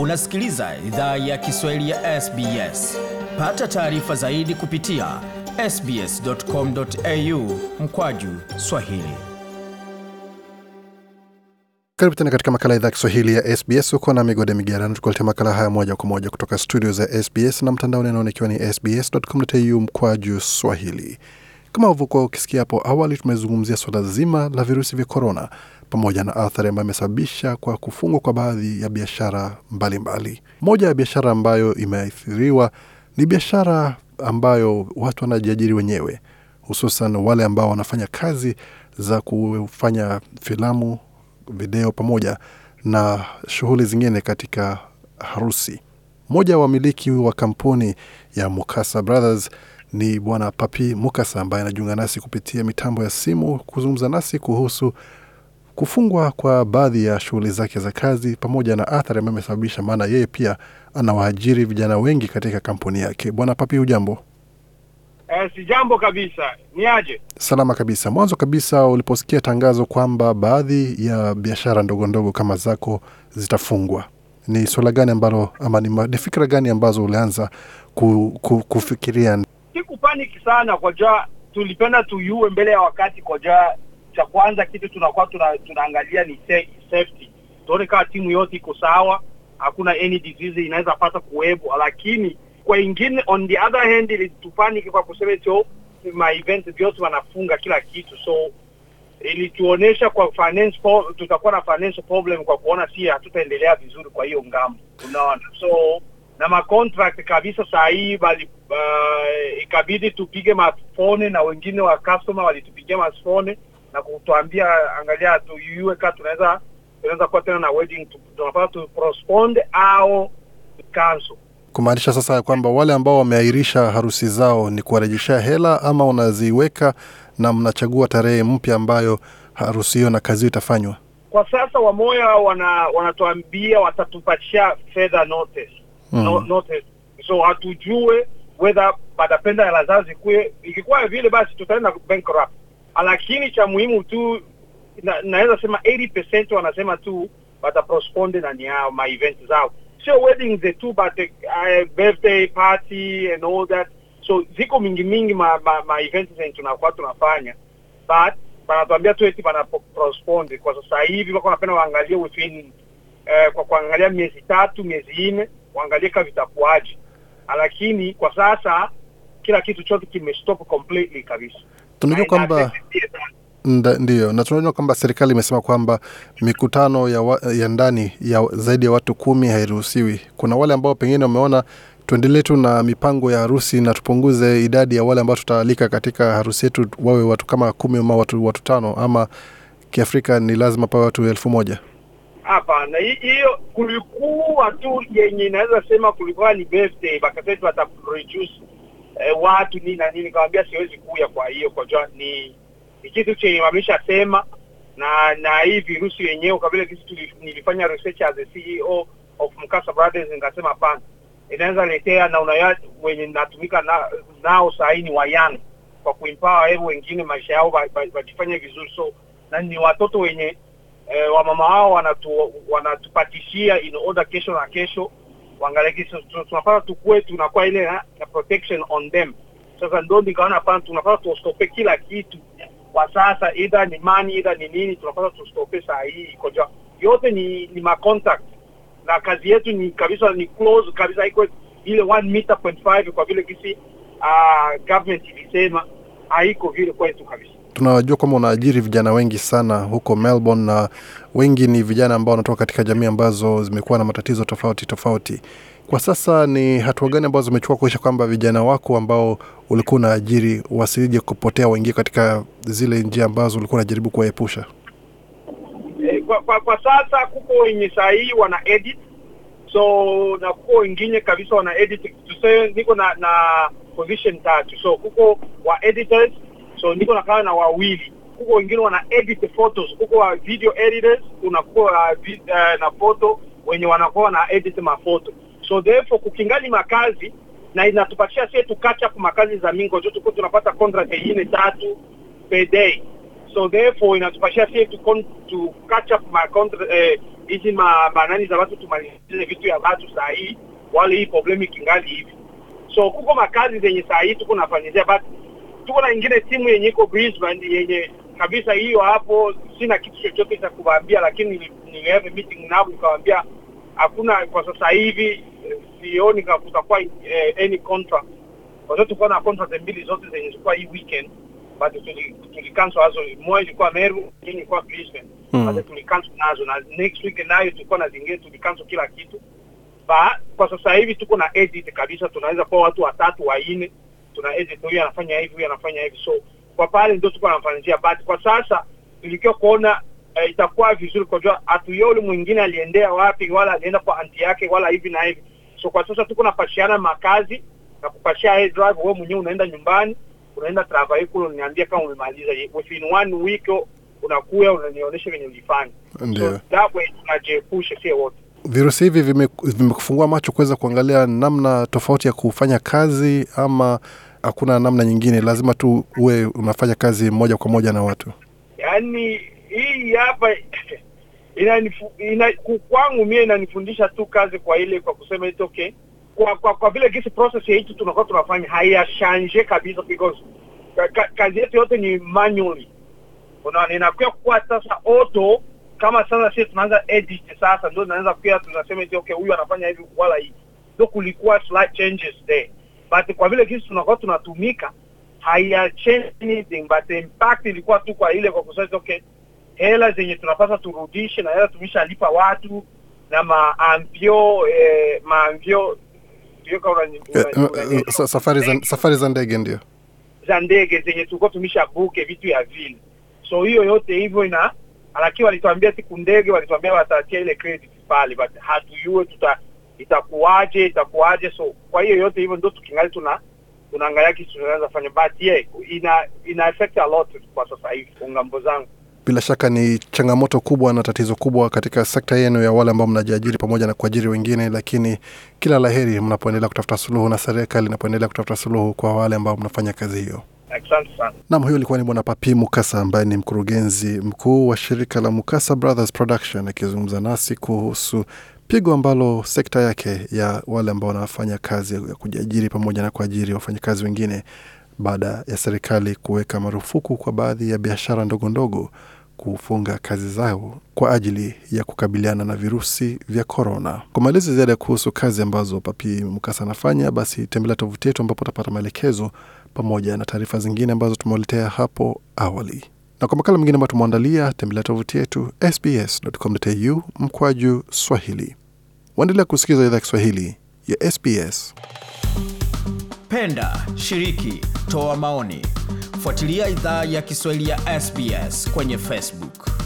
Unasikiliza idhaa ya Kiswahili ya SBS. Pata taarifa zaidi kupitia sbs.com.au mkwaju swahili. Karibu tena katika makala idhaa Kiswahili ya SBS. huko na migode migerano, tukuletea makala haya moja kwa moja kutoka studio za SBS na mtandaoni anaonekiwa ni sbs.com.au mkwaju swahili. Kama ulivyokuwa ukisikia hapo awali, tumezungumzia swala zima la virusi vya korona pamoja na athari ambayo imesababisha kwa kufungwa kwa baadhi ya biashara mbalimbali. Moja ya biashara ambayo imeathiriwa ni biashara ambayo watu wanajiajiri wenyewe, hususan wale ambao wanafanya kazi za kufanya filamu, video pamoja na shughuli zingine katika harusi. Mmoja wa wamiliki wa kampuni ya Mukasa Brothers ni Bwana Papi Mukasa ambaye anajiunga nasi kupitia mitambo ya simu kuzungumza nasi kuhusu Kufungwa kwa baadhi ya shughuli zake za kazi pamoja na athari ambayo imesababisha, maana yeye pia anawaajiri vijana wengi katika kampuni yake. Bwana Papi, hujambo? Eh, si jambo kabisa. Ni aje? Salama kabisa. Mwanzo kabisa, uliposikia tangazo kwamba baadhi ya biashara ndogo ndogo kama zako zitafungwa, ni swala gani ambalo ama ni fikira gani ambazo ulianza ku, ku, kufikiria? Sikupaniki sana kwa jua tulipenda tuyue mbele ya wakati kwa jua cha kwanza kitu tunakuwa tuna, tunaangalia ni safety, tuone kama timu yote iko sawa, hakuna any disease inaweza pata kuwepo. Lakini kwa ingine, on the other hand, ilitupaniki kwa kusema hicho oh, ma event vyote wanafunga kila kitu, so ilituonesha kwa finance tutakuwa na financial problem kwa kuona si hatutaendelea vizuri kwa hiyo ngambo, unaona so na ma contract kabisa saa bali uh, ikabidi tupige mafone na wengine wa customer walitupigia mafone na kutuambia angalia, tuiue kaa tunaweza tunaweza kuwa tena na wedding, tunapata tu postpone au cancel. Kumaanisha sasa ya kwamba wale ambao wameahirisha harusi zao ni kuwarejeshea hela, ama unaziweka na mnachagua tarehe mpya ambayo harusi hiyo na kazi hiyo itafanywa. Kwa sasa wamoya wana, wanatuambia watatupatia fedha notice. Mm. No, notice so hatujue wedha badapenda hela zao zikuwe, ikikuwa vile basi tutaenda bankrupt lakini cha muhimu tu naweza sema 80% wanasema tu wataposponde nani yao ma event zao, sio wedding the two but uh, birthday party and all that. So ziko mingi mingi ma, ma, ma events zenye tunakuwa tunafanya but wanatuambia tu eti wanaposponde kwa sasa hivi, wako wanapenda waangalie within uh, kwa kuangalia miezi tatu miezi nne waangalie kama vitakuaje, lakini kwa sasa kila kitu chote kimestop completely kabisa tunajua kwamba ndio, na tunajua kwamba serikali imesema kwamba mikutano ya, wa, ya ndani ya zaidi ya watu kumi hairuhusiwi. Kuna wale ambao pengine wameona tuendelee tu na mipango ya harusi na tupunguze idadi ya wale ambao tutaalika katika harusi yetu, wawe watu kama kumi ama watu, watu tano ama kiafrika ni lazima pawe watu elfu moja. Hapana, hiyo kulikuwa tu yenye inaweza sema kulikuwa ni birthday, ata watu nini na nini, nikamwambia siwezi kuya. Kwa hiyo kwa jua ni ni kitu chenye sema na na hii virusi yenyewe vile kitu nilifanya research as a CEO of Mkasa Brothers, nikasema hapana, inaweza letea na unaya wenye natumika na, nao saini wayana kwa kuimpawa hebu wengine maisha yao wajifanye vizuri, so na ni watoto wenye eh, wamama wao wanatu, wanatupatishia in order kesho na kesho waangalie kisi tunapata tukue tunakuwa ile na protection on them. Sasa ndo nikaona pana tunapata tuostope kila kitu kwa sasa, either ni money either ni nini, tunapata tustope saa hii iko yote ni ni ma contact na kazi yetu ni kabisa ni close kabisa, iko ile 1 meter point 5 kwa vile kisi uh, government ilisema haiko vile kwetu kabisa tunajua kwamba unaajiri vijana wengi sana huko Melbourne, na wengi ni vijana ambao wanatoka katika jamii ambazo zimekuwa na matatizo tofauti tofauti. Kwa sasa ni hatua gani ambazo zimechukua kuisha kwamba vijana wako ambao ulikuwa unaajiri wasije kupotea, waingie katika zile njia ambazo ulikuwa unajaribu kuwaepusha? Eh, kwa, kwa, kwa sasa kuko wenye sahii wana edit so na kuko wengine kabisa wana edit tuseme, niko na na position tatu, so kuko wa editors so niko nakaa na wawili huko, wengine wana edit photos huko, video editors unakuwa uh, uh, na photo wenye wanakuwa na edit mafoto, so therefore kukingali makazi na inatupatia sisi tukacha kwa makazi za mingo tu tuko tunapata contract nyingine tatu per day, so therefore inatupatia sisi tu to catch up contract eh, hizi ma banani za watu tumalizie vitu ya watu saa wale hii problemu ikingali hivi, so kuko makazi zenye sahii tuko nafanyizia but tuko na ingine timu yenye iko Brisbane yenye kabisa hiyo hapo, sina kitu chochote cha kuwaambia, lakini nilihave meeting nao nikawaambia hakuna kwa sasa hivi, eh, sioni kama kutakuwa eh, any contract kwa sababu tulikuwa na contract mbili zote zenye zilikuwa hii weekend, but tuli tuli cancel hazo. Moja ilikuwa Meru, nyingine ilikuwa Brisbane, but hmm. cancel nazo, na next week nayo tulikuwa na zingine, tuli cancel kila kitu. Ba, kwa sasa hivi tuko na edit kabisa, tunaweza kuwa watu watatu wanne tuna agent huyu anafanya hivi, huyu anafanya hivi, so kwa pale ndio tuko anafanyia, but kwa sasa tulikia kuona e, itakuwa vizuri kujua atuye ule mwingine aliendea wapi, wala alienda kwa anti yake wala hivi na hivi. So kwa sasa tuko napashiana makazi na kupashia hii drive, wewe mwenyewe unaenda nyumbani, unaenda travail kule, unaniambia kama umemaliza within one week unakuya unanionyesha venye ulifanya. Ndio, so, that way tunajiepusha sie wote virusi hivi vimekufungua vime macho kuweza kuangalia namna tofauti ya kufanya kazi, ama hakuna namna nyingine, lazima tu uwe unafanya kazi moja kwa moja na watu? Yaani hii hapa kwangu mie inanifundisha tu kazi kwa ile kwa kusema it okay kwa kwa, kwa vile gisi process ya hitu tunakuwa tunafanya haiyashanje kabisa because ka, ka, kazi yetu yote ni manually, unaona inakuwa kuwa sasa auto kama sasa sisi tunaanza edit sasa, ndio tunaanza pia tunasema eti okay, huyu anafanya hivi wala hivi, ndio kulikuwa slight changes there, but kwa vile kisi tunakuwa tunatumika haya change anything, but the impact ilikuwa tu kwa ile kwa kusema okay, hela zenye tunapaswa turudishe na hela tumeshalipa watu na maambio eh, maambio eh, eh, eh, safari za safari za ndege ndio za ndege zenye tulikuwa tumesha buke vitu ya vile, so hiyo yote hivyo ina lakini walituambia siku ndege, walituambia watatia ile credit pale, but hatujue tuta itakuwaje itakuwaje. So kwa hiyo yote hivyo ndio tukingali tuna tunaangalia kitu tunaweza fanya, but yeah, ina ina affect a lot kwa sasa hivi ngambo zangu. Bila shaka ni changamoto kubwa na tatizo kubwa katika sekta yenu ya wale ambao mnajiajiri pamoja na kuajiri wengine, lakini kila laheri mnapoendelea kutafuta suluhu na serikali inapoendelea kutafuta suluhu kwa wale ambao mnafanya kazi hiyo. Asante sana. Nam, huyo alikuwa ni Bwana Papi Mukasa ambaye ni mkurugenzi mkuu wa shirika la Mukasa Brothers Production akizungumza nasi kuhusu pigo ambalo sekta yake ya wale ambao wanafanya kazi ya kujiajiri pamoja na kuajiri wafanyakazi wengine baada ya serikali kuweka marufuku kwa baadhi ya biashara ndogo ndogo kufunga kazi zao kwa ajili ya kukabiliana na virusi vya korona. Kwa maelezo ziada kuhusu kazi ambazo Papi Mukasa anafanya, basi tembelea tovuti yetu ambapo utapata maelekezo pamoja na taarifa zingine ambazo tumewaletea hapo awali. Na kwa makala mengine ambayo tumeandalia, tembelea tovuti yetu sbs.com.au mkwaju swahili. Waendelea kusikiliza idhaa Kiswahili ya SBS. Penda, shiriki, toa maoni, fuatilia idhaa ya Kiswahili ya SBS kwenye Facebook.